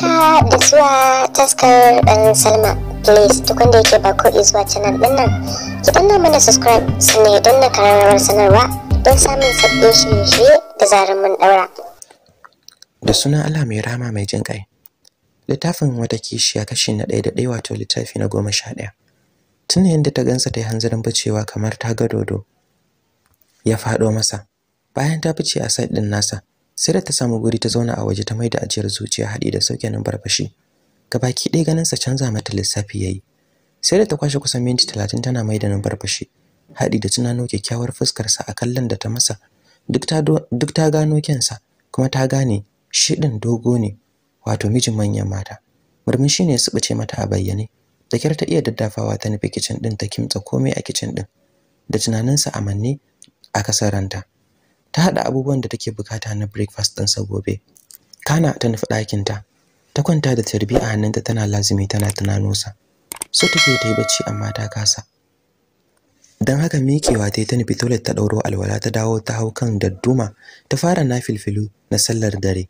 haka da zuwa taskar dan salma please duk wanda yake ba ko zuwa canal din nan ki danna mana subscribe sannan ya danna karamar sanarwa don samun sabbin shirye-shirye da zarar mun daura da sunan Allah mai rama mai jin kai littafin wata kishiya kashi na ɗaya da ɗaya wato littafi na goma sha ɗaya tun yadda ta gansa ta yi hanzarin bacewa kamar ta ga dodo ya faɗo masa bayan ta fice a side ɗin nasa sai da ta samu guri ta zauna a waje ta maida ajiyar zuciya haɗi da sauke nan barbashi. gabaki ɗaya ganin sa canza mata lissafi yayi sai da ta kwashe kusan minti talatin tana maida nan barbashi. haɗi da tunano kyakkyawar fuskar sa a kallon da ta masa duk ta duk ta gano kyansa kuma ta gane shi ɗin dogo ne wato mijin manyan mata murmushi ne ya subuce mata a bayyane da kyar ta iya daddafawa ta nufi kicin ɗin ta kimtsa komai a kicin ɗin da tunaninsa amanne a kasar ranta ta haɗa abubuwan da take bukata na breakfast sa gobe kana ta nufi ɗakinta ta kwanta da tarbi a hannunta tana lazumi tana tunanosa so take ta yi bacci amma ta kasa don haka miƙewa ta yi ta nufi toilet ta ɗauro alwala ta dawo ta hau kan dadduma ta fara na filfilu na sallar dare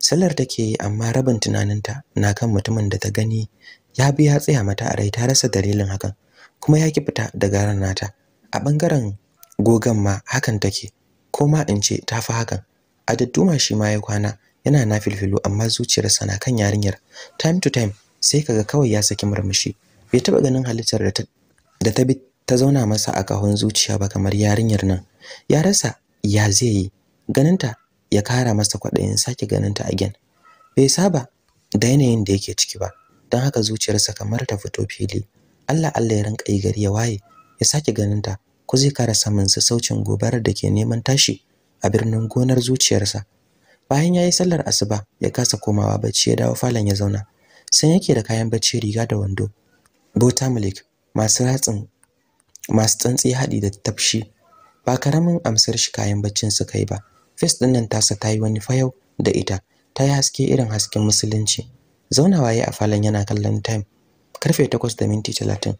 sallar take yi amma rabin tunaninta na kan mutumin da ta gani ya bi ya tsaya mata a rai ta rasa dalilin hakan kuma ya ki fita daga nata. a ɓangaren gogan ma hakan take ko ma in ce ta fi hakan a dadduma shi ma ya kwana yana na filfilu amma zuciyarsa na kan yarinyar time to time sai kaga kawai ya saki murmushi bai taba ganin halittar da ta bi ta zauna masa a kahon zuciya ba kamar yarinyar nan ya rasa ya zai yi ganinta ya kara masa kwaɗayin sake ganinta again bai saba da yanayin da yake ciki ba don haka zuciyarsa kamar ta fito fili Allah Allah ya rinka yi gari ya waye ya sake ganinta ko zai kara samun saucin gobarar da ke neman tashi a birnin gonar zuciyarsa bayan ya yi sallar asuba ya kasa komawa bacci ya dawo falon ya zauna san yake da kayan bacci riga da wando bota milik masu ratsin masu tsantsi haɗi da tafshi ba karamin amsar shi kayan baccin suka yi ba fes ɗin nan tasa ta yi wani fayau da ita ta yi haske irin hasken musulunci zaunawa ya a falon yana kallon time karfe takwas da minti talatin.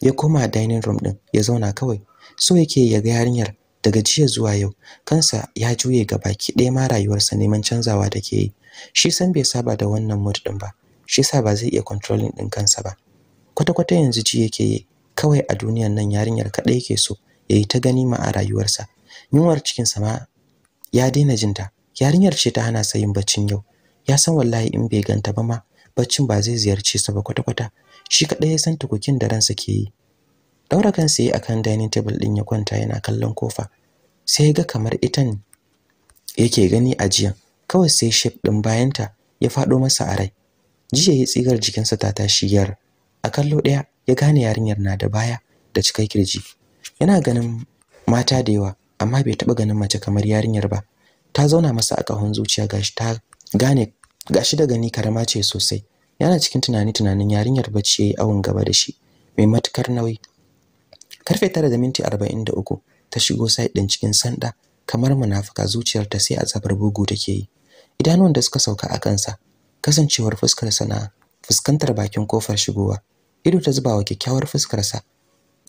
ya koma dining room din ya zauna kawai so yake ya ga yarinyar daga jiya zuwa yau kansa ya juye ga baki ɗaya ma rayuwarsa neman canzawa da ke yi shi san bai saba da wannan mood din ba shi sa ba zai iya controlling din kansa ba kwata-kwata yanzu ji yake yi kawai a duniyar nan yarinyar kaɗai yake so ya yi ta gani ma a rayuwarsa yunwar cikinsa ma ya daina jinta yarinyar ce ta hana sa yin baccin yau ya san wallahi in bai ganta ba ma baccin ba zai ziyarce sa ba kwata-kwata shi kaɗai ya san tukukin da ransa ke yi daura kansa yi akan dining table ɗin ya kwanta yana kallon kofa sai ya ga kamar itan yake gani a jiya kawai sai shef ɗin bayanta ya faɗo masa a rai jiya ya tsigar jikinsa ta tashi yar a kallo ɗaya ya gane yarinyar na da baya da cikai kirji yana ganin mata da yawa amma bai taɓa ganin mace kamar yarinyar ba ta zauna masa a kahon zuciya gashi ta gane gashi da gani karama ce sosai yana cikin tunani tunanin yarinyar bacci ya yi awon gaba da shi mai matukar nauyi karfe tara da minti arba'in da uku ta shigo sai din cikin sanda kamar munafuka zuciyarta sai a zabar bugu take yi idanuwan da suka sauka a kansa kasancewar fuskar na fuskantar bakin kofar shigowa ido ta zubawa kyakkyawar fuskar sa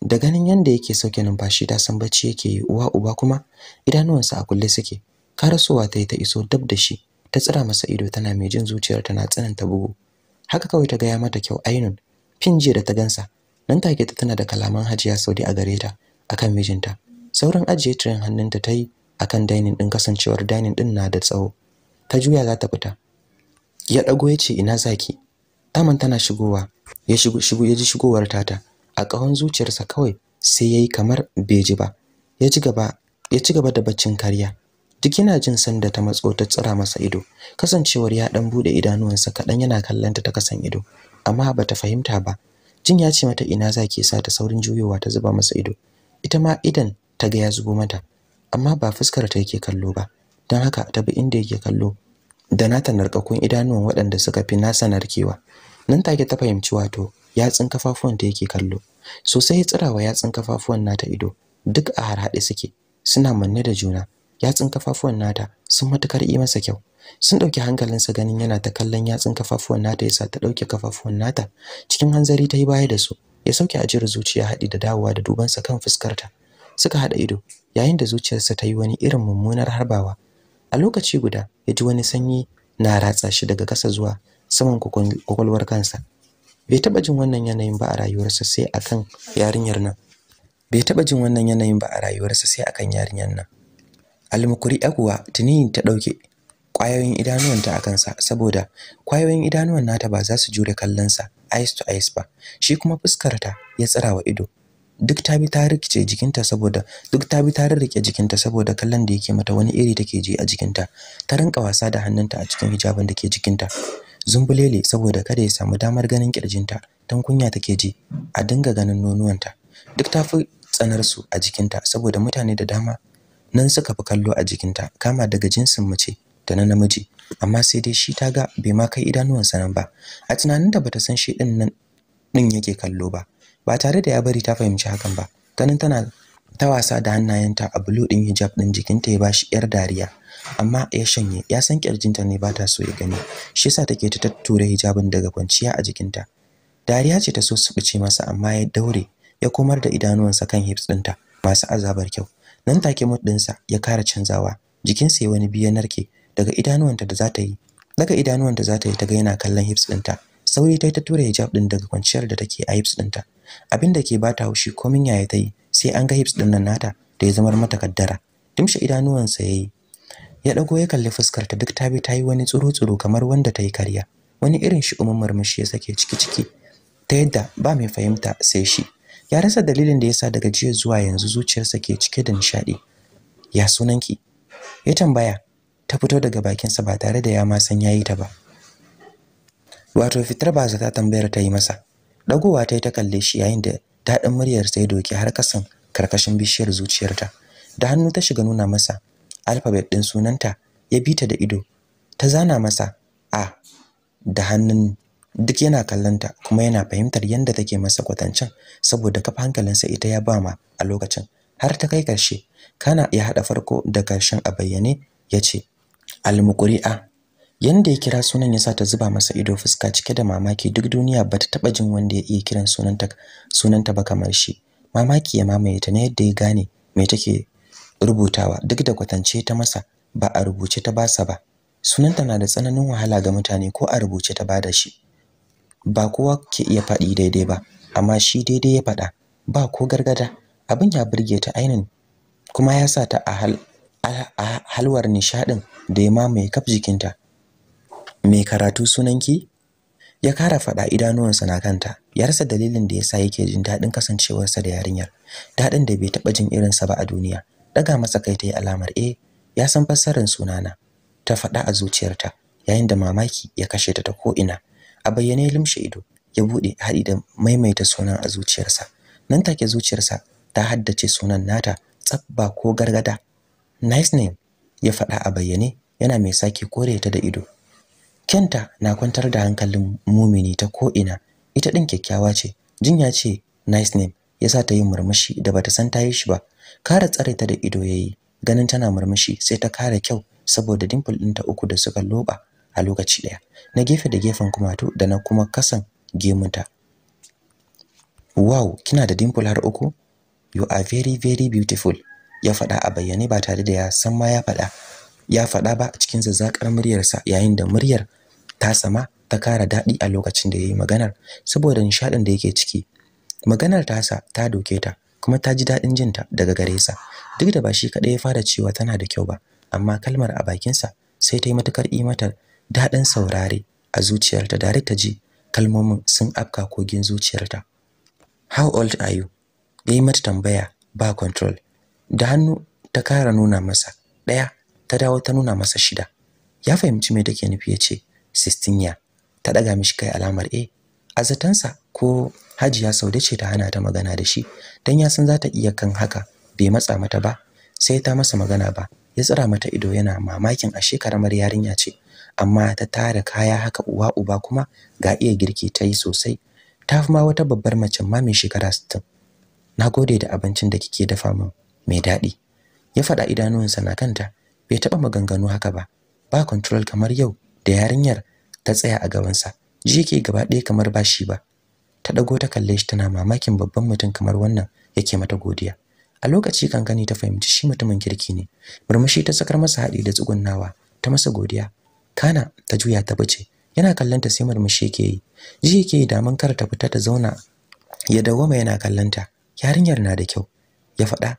da ganin yanda yake sauke numfashi ta san bacci yake yi uwa uba kuma idanuwansa a kulle suke karasowa ta yi ta iso dab da shi ta tsira masa ido tana mai jin zuciyar tana tsananta bugu haka kawai ta gaya mata kyau ainun jiya da ta gansa nan take ta tana da kalaman hajiya saudi a gare ta akan mijinta sauran ajiye tirin hannunta ta yi akan dainin din kasancewar dainin din na da tsawo ta juya za ta fita ya ɗago ya ce ina zaki taman tana shigowa ya shigo ya ji shigowar tata a kahon zuciyarsa kawai sai yayi kamar bai ji ba ya ci gaba ya ci gaba da baccin kariya duk yana jin sanda ta matso ta tsira masa ido kasancewar ya dan bude idanuwansa kadan yana kallanta ta kasan ido amma bata fahimta ba jin ya ce mata ina zaki sa ta saurin juyowa ta zuba masa ido ita ma idan ta ga ya zubo mata amma ba fuskar ta yake kallo ba dan haka ta bi inda yake kallo da nata narkakun idanuwan waɗanda suka fi nasa narkewa nan take ta fahimci wato yatsun kafafuwan ta yake kallo sosai ya tsirawa yatsun kafafuwan nata ido duk a harhaɗe suke suna manne da juna yatsun kafafuwan nata sun matukar yi masa kyau sun dauki hankalinsa ganin yana ta kallon yatsun kafafuwan nata yasa ta dauke kafafuwan nata cikin hanzari ta yi baya da su ya sauke ajiyar zuciya haɗi da dawowa da dubansa kan fuskarta suka haɗa ido yayin da zuciyarsa ta yi wani irin mummunar harbawa a lokaci guda ya ji wani sanyi na ratsa shi daga ƙasa zuwa saman kwakwalwar kansa bai taɓa jin wannan yanayin ba a rayuwarsa sai akan yarinyar nan bai taɓa jin wannan yanayin ba a rayuwarsa sai akan yarinyar nan almukuri kuwa tuni ta ɗauke kwayoyin idanuwanta a kansa saboda kwayoyin idanuwan nata ba za su jure kallon sa eyes to eyes ba shi kuma fuskarta ya tsira wa ido duk ta bi ta rike jikinta saboda duk ta bi ta rike jikinta saboda kallon da yake mata wani iri take ji a jikinta ta rinka wasa da hannunta a cikin hijabin da ke jikinta zumbulele saboda kada ya samu damar ganin kirjinta dan kunya take ji a dinga ganin nonuwanta duk ta fi tsanar su a jikinta saboda mutane da dama nan suka fi kallo a jikinta kama daga jinsin mace da na namiji amma sai dai shi ta ga bai ma kai idanuwansa nan ba a tunanin da bata san shi din nan din yake kallo ba ba tare da ya bari ta fahimci hakan ba ganin tana ta wasa da hannayenta a bulu din hijab din jikinta ya bashi yar dariya amma ya shanye ya san kirjinta ne ba ta so ya gani shi yasa take ta tattura hijabin daga kwanciya a jikinta dariya ce ta so su bice masa amma ya daure ya komar da idanuwansa kan hips dinta masu azabar kyau nan take mood sa ya kara canzawa jikinsa ya wani biyan narke daga idanuwanta da za ta yi daga idanuwanta za ta yi ta ga yana kallon hips ɗinta sauri ta yi ta tura hijab ɗin daga kwanciyar da take a hips ɗinta abin da ke bata haushi komin yaya ta yi sai an ga hips ɗin nan nata da ya zamar mata kaddara Tumshi idanuwansa yayi ya ɗago ya kalli fuskar ta duk ta bi ta yi wani tsuru-tsuru kamar wanda ta yi karya wani irin shi umar murmushi ya sake ciki-ciki ta yadda ba mai fahimta sai shi ya rasa dalilin da ya sa daga jiya zuwa yanzu zuciyarsa ke cike da nishaɗi? ya sunanki ya tambaya ta fito daga bakinsa ba tare da ya ma san yayi ta ba wato fitar ba za ta tambayar ta yi masa dagowa ta yi ta kalle shi yayin da daɗin muryar sai doki har kasan karkashin bishiyar zuciyarta da hannu ta shiga nuna masa alfabet ɗin sunanta ya bi ta da ido ta zana masa a da hannun duk yana kallonta kuma yana fahimtar yadda take masa kwatancen saboda kafa hankalinsa ita ya bama a lokacin har ta kai karshe kana ya haɗa farko da karshen a bayyane ya ce almukuri'a yanda ya kira sunan ya sa ta zuba masa ido fuska cike da mamaki duk duniya ba ta taɓa jin wanda ya iya kiran sunanta sunanta ba kamar shi mamaki ya mamaye ta na yadda ya gane me take rubutawa duk da kwatance ta masa ba a rubuce ta ba sa ba sunanta na da tsananin wahala ga mutane ko a rubuce ta ba da shi ba kowa ke iya faɗi daidai ba amma shi daidai ya faɗa ba ko gargada abin ya burge ta ainin kuma ya sa ta a hal a halwar nishadin da ya mamaye kaf jikinta mai karatu sunanki ya kara faɗa idanuwansa na kanta ya rasa dalilin da yasa yake jin daɗin kasancewarsa da yarinyar daɗin da bai taɓa jin irinsa ba a duniya daga masa kai ta yi alamar e ya san fassarar sunana ta faɗa a zuciyarta yayin da mamaki ya kashe ta ta ko'ina a bayyane ya limshe ido ya bude haɗi da maimaita sunan a zuciyarsa nan take zuciyarsa ta haddace sunan nata tsabba ko gargada nice name ya faɗa a bayyane yana mai sake kore ta da ido kyanta na kwantar da hankalin mumini ta ko ina ita din kyakkyawa ce jinya ce nice name sa ta yi murmushi da bata san ta yi shi ba kare tsare ta da ido yayi ganin tana murmushi sai ta kare kyau saboda dimple ɗinta uku da suka loba a lokaci ɗaya na gefe da gefen kumatu da na kuma kasan gemunta wow kina da dimple har uku you are very very beautiful ya faɗa a bayyane ba tare da ya san ma ya faɗa ya faɗa ba cikin zazzakar muryarsa yayin da muryar ta sama ta kara daɗi a lokacin da ya yi maganar saboda nishadin da yake ciki maganar tasa ta doke ta kuma ta ji daɗin jinta daga gare sa duk da ba shi kaɗai ya fara cewa tana da kyau ba amma kalmar a bakinsa sai ta yi matukar imatar daɗin saurare a zuciyarta dare ta ji kalmomin sun afka kogin zuciyarta how old are you yi mata tambaya ba control da hannu ta kara nuna masa ɗaya ta dawo ta nuna masa shida ya fahimci me take nufi ya ce, Sistinya. ta ɗaga mishi kai alamar A a zatansa ko Hajiya sau da ce ta hana ta magana da shi dan ya san za ta iya kan haka bai matsa mata ba sai ta masa magana ba ya tsira mata ido yana mamakin ashe karamar yarinya ce amma ta tara kaya haka uwa uba kuma ga iya girki ta yi sosai ta fi ma wata babbar mace ma mai shekara 60 nagode da abincin da kike dafa min mai daɗi ya faɗa idanunsa na kanta bai taɓa maganganu haka ba ba control kamar yau da yarinyar ta tsaya a gabansa ji yake gaba ɗaya kamar ba shi ba ta ɗago ta kalle shi tana mamakin babban mutum kamar wannan yake mata godiya a lokaci kankani ta fahimci shi mutumin kirki ne murmushi ta sakar masa haɗi da tsugunnawa ta masa godiya kana ta juya ta bace yana kallon ta sai murmushi yake yi ji yake daman kar ta fita ta zauna ya dawoma yana kallon ta yarinyar na da kyau ya faɗa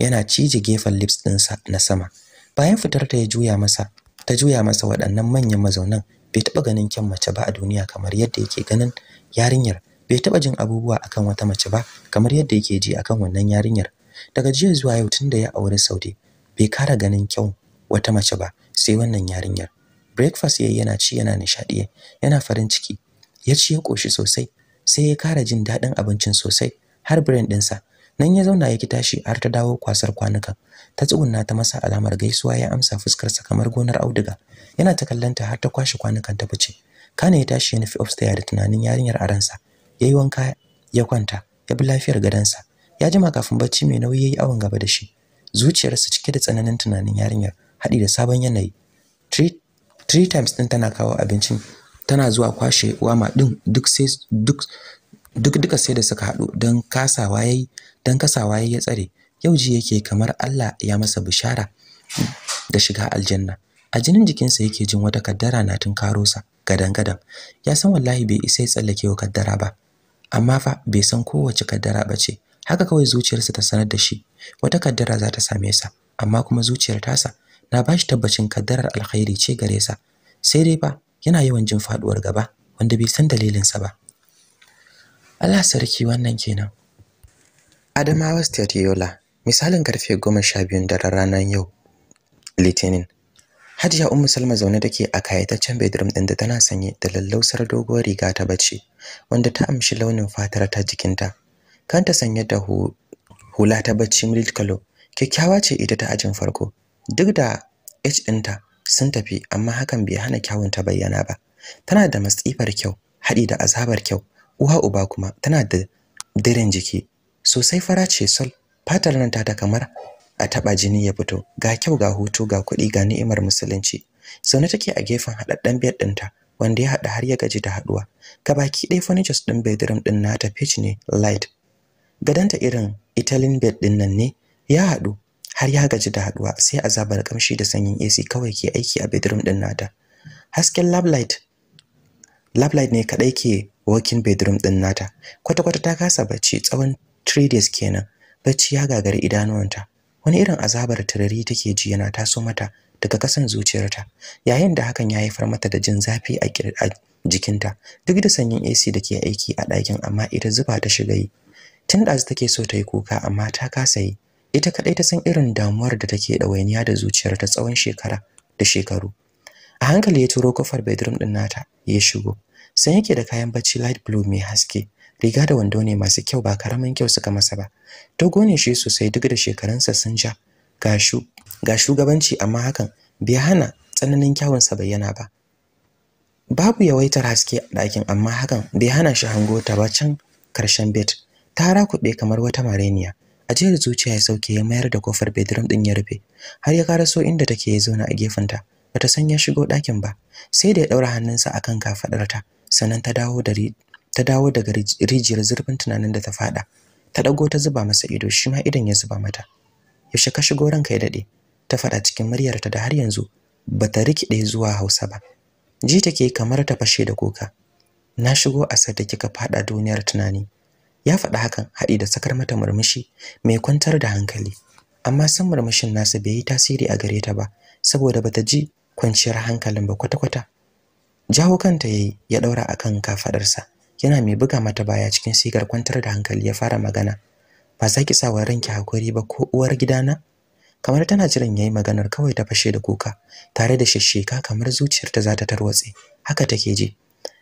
yana cije gefen lips ɗinsa na sama bayan fitar ta ya juya masa ta juya masa waɗannan manyan mazaunan bai taba ganin kyan mace ba a duniya kamar yadda yake ganin yarinyar bai taɓa jin abubuwa akan wata mace ba kamar yadda yake ji akan wannan yarinyar daga jiya zuwa yau tunda ya aure Saude bai kara ganin kyau wata mace ba sai wannan yarinyar breakfast yayi yana ci yana nishadi yana farin ciki ya ci ya koshi sosai sai ya kara jin dadin abincin sosai har brain sa nan ya zauna ya ki tashi har ta dawo kwasar kwanuka ta tsugunna ta masa alamar gaisuwa ya amsa fuskarsa kamar gonar auduga yana ta kallanta har ta kwashi kwanukan ta fice kana ya tashi ya nufi upstairs da tunanin yarinyar ya yayi wanka ya kwanta ya bi lafiyar gadansa ya jima kafin bacci mai nauyi yayi awon gaba da shi zuciyarsa cike da tsananin tunanin yarinyar haɗi da sabon yanayi treat three times din tana kawo abincin tana zuwa kwashe wama din duk sai duk duk duka sai da suka hadu don kasawa yayi don kasawa yayi ya tsare yau ji yake kamar Allah ya masa bishara da shiga aljanna a jinin jikinsa yake jin wata kaddara na tun karo sa gadan gadan ya san wallahi bai isa ya tsallake wa kaddara ba amma fa bai san kowace kaddara ba ce haka kawai zuciyarsa ta sanar da shi wata kaddara za ta same sa amma kuma zuciyar tasa na bashi tabbacin kaddarar alkhairi ce gare sa sai dai ba yana yawan jin faduwar gaba wanda bai san dalilin sa ba Allah sarki wannan kenan Adamawa State Yola misalin karfe 12 da ranar yau Litinin Hajiya Ummu Salma zaune take a kayataccen bedroom din da tana sanye da lallausar doguwar riga ta bacci wanda ta amshi launin fatar ta jikinta kanta sanye da hula ta bacci milk color kyakkyawa ce ita ta ajin farko duk da H ɗinta sun tafi amma hakan bai hana kyawun ta bayyana ba tana da matsifar kyau haɗi da azabar kyau uwa uba kuma tana da diren jiki sosai fara ce sol fatar nan ta kamar a taba jini ya fito ga kyau ga hutu ga kuɗi ga ni'imar musulunci zaune take a gefen haɗaɗɗen bed ɗinta wanda ya haɗa har ya gaji da haɗuwa ga baki ɗaya furnitures ɗin bedroom ɗin nata pitch ne light gadanta irin italin bed ɗin nan ne ya haɗu har ya gaji da haduwa sai azabar kamshi da sanyin AC kawai ke aiki a bedroom din nata hasken lab light ne kadai ke working bedroom din nata kwata kwata ta kasa bacci tsawon 3 days kenan bacci ya gagari idanuwanta wani irin azabar turari take ji yana taso mata daga kasan zuciyarta yayin da hakan ya haifar mata da jin zafi a jikinta duk da sanyin AC da ke aiki a ɗakin amma ita zuba ta shiga yi tun da take so ta yi kuka amma ta kasa yi ita kadai ta san irin damuwar da take ɗawainiya da zuciyar ta tsawon shekara da shekaru a hankali ya turo kofar bedroom din nata ya shigo sai yake da kayan bacci light blue mai haske riga da wando ne masu kyau ba karamin kyau suka masa ba to gone shi sosai duk da shekarunsa sun ja ga shugabanci amma hakan bai hana tsananin kyawun sa bayyana ba babu yawaitar haske a ɗakin amma hakan bai hana shi hango ta ba can karshen bet ta rakuɓe kamar wata mareniya da zuciya ya sauke ya mayar da kofar bedroom din ya rufe har ya karaso inda take ya zauna a gefenta bata san ya shigo ɗakin ba sai da ya ɗaura hannunsa akan kan sannan ta dawo da ta dawo daga rijiyar zurfin tunanin da ta faɗa ta ɗago ta zuba masa ido shi ma idon ya zuba mata yaushe ka shigo ranka ya daɗe ta faɗa cikin muryarta da har yanzu bata rikide zuwa Hausa ba ji take kamar ta fashe da kuka na shigo a da kika faɗa duniyar tunani ya faɗi hakan haɗi da sakar mata murmushi mai kwantar da hankali amma san murmushin nasa bai yi tasiri a gare ta ba saboda bata ji kwanciyar hankalin ba kwata-kwata jawo kanta yayi ya daura akan kafadarsa yana mai buga mata baya cikin sigar kwantar da hankali ya fara magana ba za ki sawa ranki hakuri ba ko uwar gidana kamar tana jiran yayi maganar kawai ta fashe da kuka tare da shisheka kamar zuciyarta za ta tarwatse haka take ji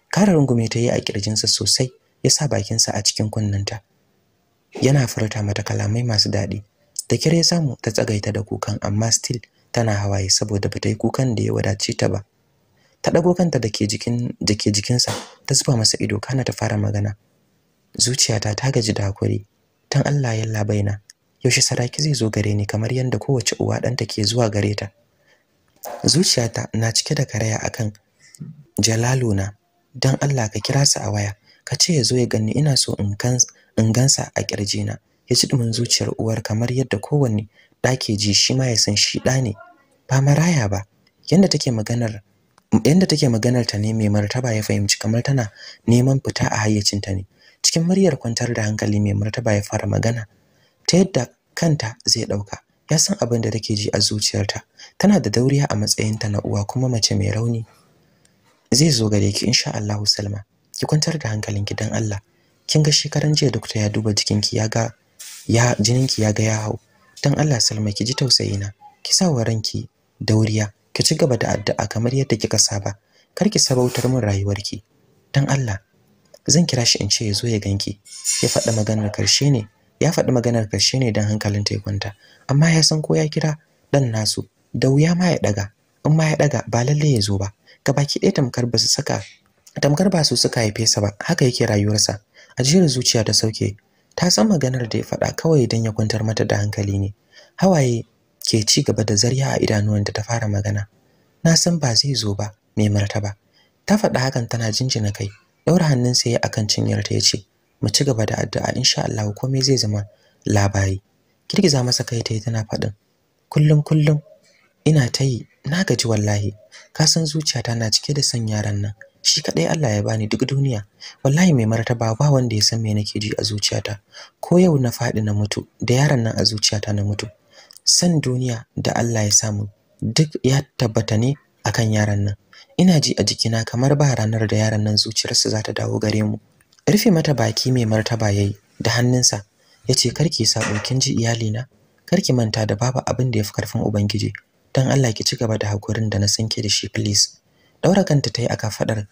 kara rungume ta yi a kirjinsa sosai ya sa bakinsa a cikin kunnen ta. yana furta mata kalamai masu daɗi da kire ya samu ta tsagaita da kukan amma still tana hawaye saboda ba ta yi kukan da ya wadace ta ba ta ɗago kanta da ke jikin da ke jikinsa ta zuba masa ido kana ta fara magana zuciyata ta gaji da hakuri tan Allah ya labaina yaushe saraki zai zo gare ni kamar yadda kowace uwa ɗanta ke zuwa gare ta zuciyata na cike da karaya akan jalaluna dan Allah ka kira su a waya ka ce ya zo ya gani ina so in gansa a na. ya ci dumin zuciyar uwar kamar yadda kowanne ɗa ji shi ma ya san shi ɗa ne ba maraya ba yadda take maganar yanda take maganar ta ne mai martaba ya fahimci kamar tana neman fita a hayyacinta ne cikin muryar kwantar da hankali mai martaba ya fara magana ta yadda kanta zai ɗauka. ya san abin da take ji a zuciyarta tana da dauriya a matsayinta na uwa kuma mace mai rauni zai zo gare ki insha Allahu Salma ki kwantar da hankalin gidan Allah kin ga shekaran jiya doctor ya duba jikinki ya ga ya jininki ya ga ya hau dan Allah Salma ki ji na. ki sa wa ranki dauriya ki ci gaba da addu'a kamar yadda kika saba kar ki sabautar min rayuwarki dan Allah zan kira shi in ce ya zo ya ganki ya faɗi maganar karshe ne ya faɗi maganar karshe ne dan hankalin ta kwanta amma ya san ko ya kira dan nasu da wuya ma ya daga in ma ya daga ba lalle ya zo ba gabaki ɗaya tamkar ba su saka tamkar ba su suka haife sa ba haka yake rayuwarsa ajiyar zuciya da sauke ta san maganar da ya faɗa kawai idan ya kwantar mata da hankali ne hawaye ke ci gaba da zarya a da ta fara magana na san ba zai zo ba mai martaba ta faɗa hakan tana jinjina kai daura hannunsa ya akan ta ya ce mu ci gaba da addu'a insha Allah komai zai zama labari girgiza masa kai ta yi tana faɗin kullum kullum ina ta yi na gaji wallahi ka san zuciyata na cike da son yaran nan shi kadai Allah ya bani duk duniya wallahi mai martaba ba wanda ya san me nake ji a zuciyata ko yau na faɗi na mutu da yaran nan a zuciyata na mutu san duniya da Allah ya samu duk ya tabbata ne akan yaran nan ina ji a jikina kamar ba ranar da yaran nan zuciyarsu za ta dawo gare mu rufe mata baki mai martaba yayi da hannunsa yace karki sa kin ji iyalina karki manta da babu abin da ya fi karfin ubangiji Don Allah ki ci gaba da hakurin da na sanke da shi please daura kanta ta yi a kafadar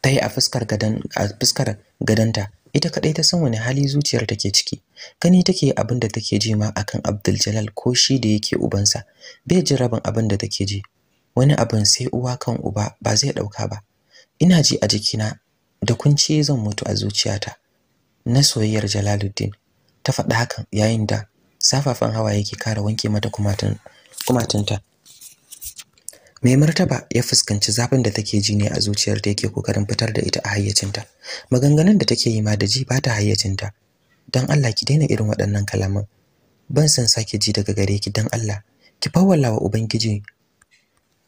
tayi a fuskar gadan a fuskar gadanta ita kadai ta san wani hali zuciyar take ciki gani take abin da take ji ma akan Abdul Jalal ko shi da yake ubansa bai ji rabin abin da take ji wani abin sai uwa kan uba ba zai ɗauka ba ina ji a jikina da kunci zan mutu a zuciyata na soyayyar Jalaluddin ta faɗa hakan yayin da safafan hawa yake kara wanke mata kumatun kumatunta mai martaba ya fuskanci zafin da take ji ne a zuciyar da yake kokarin fitar da ita a hayyacinta maganganun da take yi ma da ji ba ta hayyacinta dan Allah ki daina irin waɗannan kalaman ban san sake ji daga gare ki dan Allah ki fawwala wa ubangiji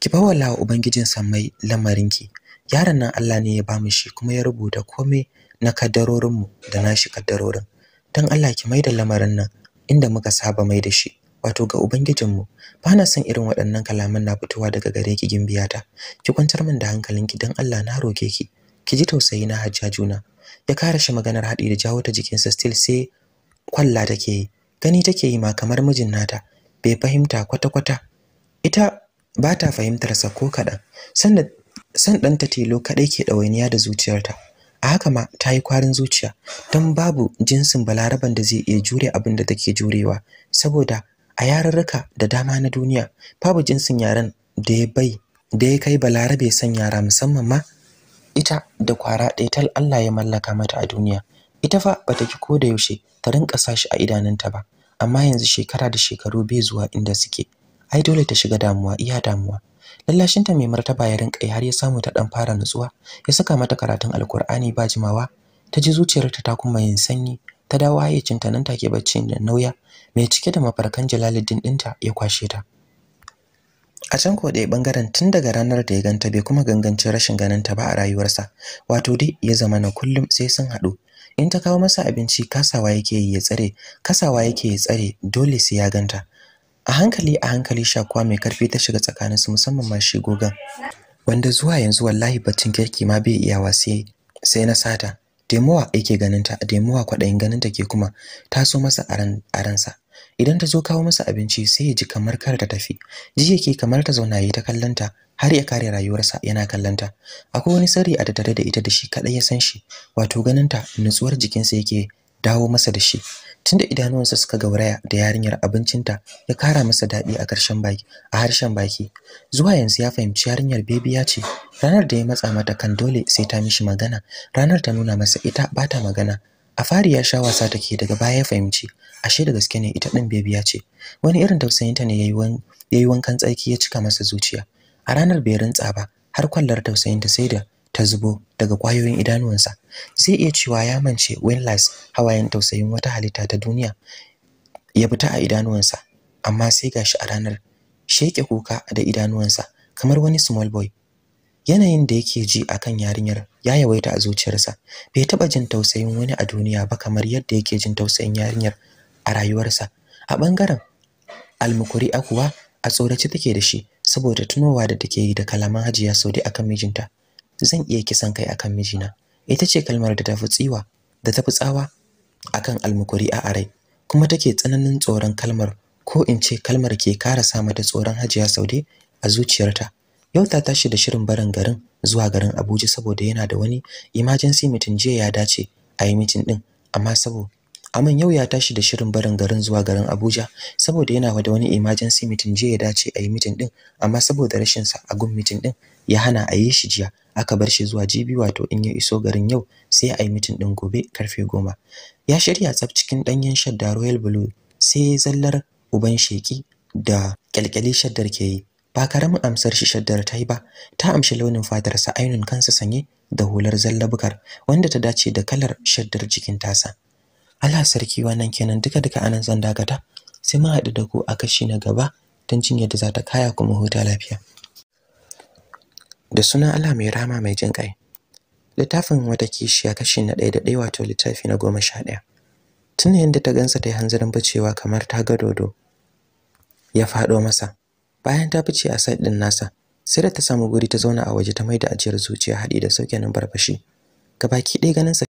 ki fawwala ubangijin sammai lamarinki yaron nan Allah ne ya ba mu shi kuma ya rubuta komai na kaddarorinmu da nashi kaddarorin dan Allah ki maida lamarin nan inda muka saba mai da shi wato ga ubangijinmu ba na son irin waɗannan kalaman na fitowa daga gare ki gimbiyata ki kwantar min da hankalinki don Allah na roke ki ki ji tausayi na hajjajuna ya kare shi maganar haɗi da jawo ta jikinsa still sai kwalla take yi gani take yi ma kamar mijin nata bai fahimta kwata-kwata ita ba ta fahimtarsa ko kaɗan san ɗanta tilo kaɗai ke ɗawainiya da zuciyarta a haka ma ta yi kwarin zuciya don babu jinsin balaraban da zai iya jure abin da take jurewa saboda a yarurruka da dama na duniya babu jinsin yaren da ya bai da ya kai balarabe san yara musamman ma ita da kwara ɗaya tal Allah ya mallaka mata a duniya ita fa ba ta ki ko da yaushe ta rinka sashi a idanunta ba amma yanzu shekara da shekaru bai zuwa inda suke ai dole ta shiga damuwa iya damuwa lallashinta mai martaba ya rinka har ya samu ta dan fara nutsuwa ya saka mata karatun alkur'ani ba jimawa ta ji zuciyarta ta kuma yin sanyi ta dawo hayyacinta nan take baccin da nauya mai cike da mafarkan Jalaluddin ɗinta ya kwashe ta. A can ko dai ɓangaren tun daga ranar da ya ganta bai kuma ganganci rashin ganin ta ba a rayuwarsa, wato dai ya zama na kullum sai sun haɗu. In ta kawo masa abinci kasawa yake yi ya tsare, kasawa yake ya tsare dole sai ya ganta. A hankali a hankali shakuwa mai karfi ta shiga tsakaninsu musamman ma shi gogan. Wanda zuwa yanzu wallahi baccin kirki ma bai iyawa sai sai na sata. Demowa yake ganinta, Demowa kwaɗayin ganinta ke kuma taso masa aran aransa. idan ta zo kawo masa abinci sai ya ji kamar kar ta tafi ji yake kamar ta zauna yi ta kallanta har ya kare rayuwarsa yana kallanta akwai wani sirri a tattare da ita da shi kadai ya san shi wato ganin ta nutsuwar jikinsa yake dawo masa da shi tunda idanuwansa suka gauraya da yarinyar abincinta ya kara masa daɗi a ƙarshen baki a harshen baki zuwa yanzu ya fahimci yarinyar bebiya ce ranar da ya matsa mata kan dole sai ta mishi magana ranar ta nuna masa ita bata magana a fari ya sha wasa take daga baya ya fahimci ashe da gaske ne ita din bebiya ce wani irin tausayin ta ne yayi yayi wankan tsaki ya cika masa zuciya a ranar bai rantsa ba har kwallar tausayin ta sai da ta zubo daga kwayoyin idanuwansa zai iya cewa ya mance Winless hawayen tausayin wata halitta ta duniya ya fita a idanuwansa amma sai gashi a ranar sheke kuka da idanuwansa kamar wani small boy yanayin da yake ji akan yarinyar ya yawaita a zuciyarsa bai taba jin tausayin wani a duniya ba kamar yadda yake jin tausayin yarinyar a rayuwarsa a bangaren almukuri akuwa a tsoraci take da shi saboda tunowa da take yi da kalaman Hajiya Saudi akan mijinta zan iya kisan kai akan mijina ita ce kalmar da ta fi tsiwa da ta fi tsawa akan almukuri a arai kuma take tsananin tsoron kalmar ko in ce kalmar ke kara sa mata tsoron Hajiya Saudi a zuciyarta Yau ta tashi da shirin barin garin zuwa garin Abuja saboda yana da wani emergency meeting jiya ya dace a yi meeting din amma sabo yau ya tashi da shirin barin garin zuwa garin Abuja saboda yana da wani emergency meeting jiya ya dace a yi meeting din amma saboda rashin sa a gun meeting din ya hana a yi shi jiya aka bar shi zuwa jibi wato in ya iso garin yau sai a yi meeting din gobe karfe goma. ya shirya tsaf cikin danyen shadda Royal Blue sai zallar uban sheki da kyalkyali shaddar ke yi ba karamin amsar shi shaddar ta yi ba ta amshi launin sa, ainun kansa sanye da hular zallabukar wanda ta dace da kalar shaddar jikin tasa Allah sarki wannan kenan duka duka anan zan dagata, sai mun haɗu da ku a kashi na gaba don jin yadda za ta kaya kuma huta lafiya da suna Allah mai rama mai jin kai littafin wata kishiya kashi na ɗaya da ɗaya wato littafi na goma sha ɗaya tun yadda ta gansa ta yi hanzarin bacewa kamar ta ga dodo ya faɗo masa bayan ta fice a side din nasa sai da ta samu guri ta zauna a waje ta maida ajiyar zuciya haɗi da sauke nan barbashi gabaki ɗaya ganin sa